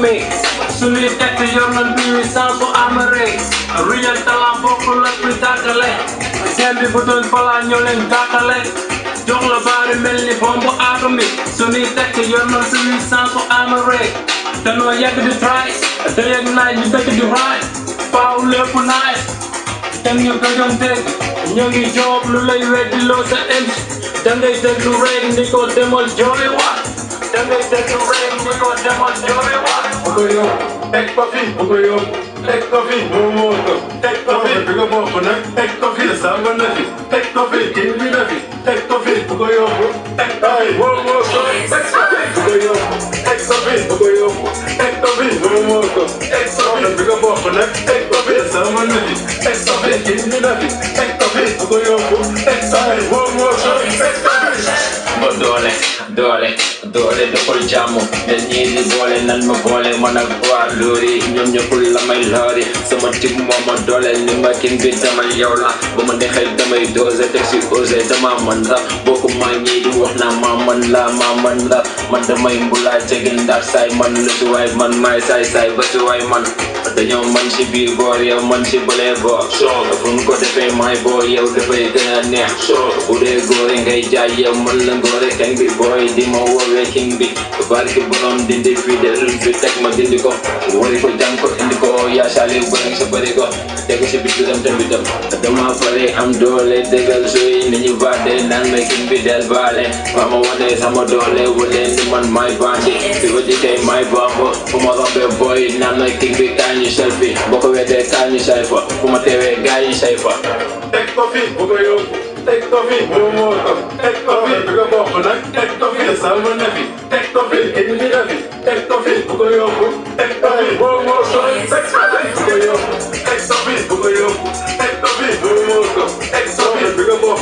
mix suñuy tekk yor na mbir mi sans for amaree ruyal talent bokkul ak bi tàggale seen bi bu doon balaa ñoo leen gàttale jox la baari mel ni bombu atomique suñuy tekk yor na suñuy sans bu amaree danoo yàgg di try te yegg naaj ñu dëkk di raay paaw lépp naaj te ñu gëjoon dégg ñoo ngi job. lu ready weddi loo sa indi da ngay déglu rek ni ko demal jooy wax them they take the rain, take coffee, Okoyo, take coffee, no take coffee, bring up more for night, take coffee, the salmon nafi, take coffee, give me nafi, take coffee, Okoyo, take coffee, one more time, take coffee, Okoyo, take coffee, Okoyo, take coffee, no take coffee, bring up more for night, take coffee, the salmon nafi, take coffee, give me nafi, take coffee, Okoyo, take coffee, one more time, take ba doole doole doole defal jàmm ñen ñii di boole nan ma boole man ak waa loori ñoom ñëppul la may loori sama tim moo ma dooleel ni ma kin bi damay yow la ba ma neexee damay doose def si osé dama mën la bokku maa ñii di wax naa maa mën la maa mën la man damay mbulaa jege ndaar saay man la si waay man maay saay saay ba si waay man dañoo man si biir boor yow man si bëlee boor soor a ñu ko defee may boor yow dafay gën a neex soor bu dee góore ngay jaay yow mën la góore kañ bi booy di ma woowee king bi barki borom dindi fii de luñ fi teg ma dindi ko wari ko jàng ko indi ko yaa saali bëri sa bëri ko nekk si biir dem te dem dama fari am doole dëggal suy ni ñu baate naan ma kin del baale ba ma wane sama doole wale ni man may bandi bi ko may bambo fu ma rombe boy naan ma kin bi kaañu selfie boo ko kaañu say fa fu ma teewee gaañu say fa teg ko fi bu ko yóbbu teg ko fi bu moo ko teg ko fi bu ko bopp nag teg ko fi sama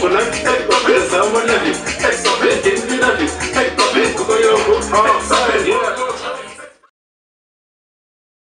泣きたい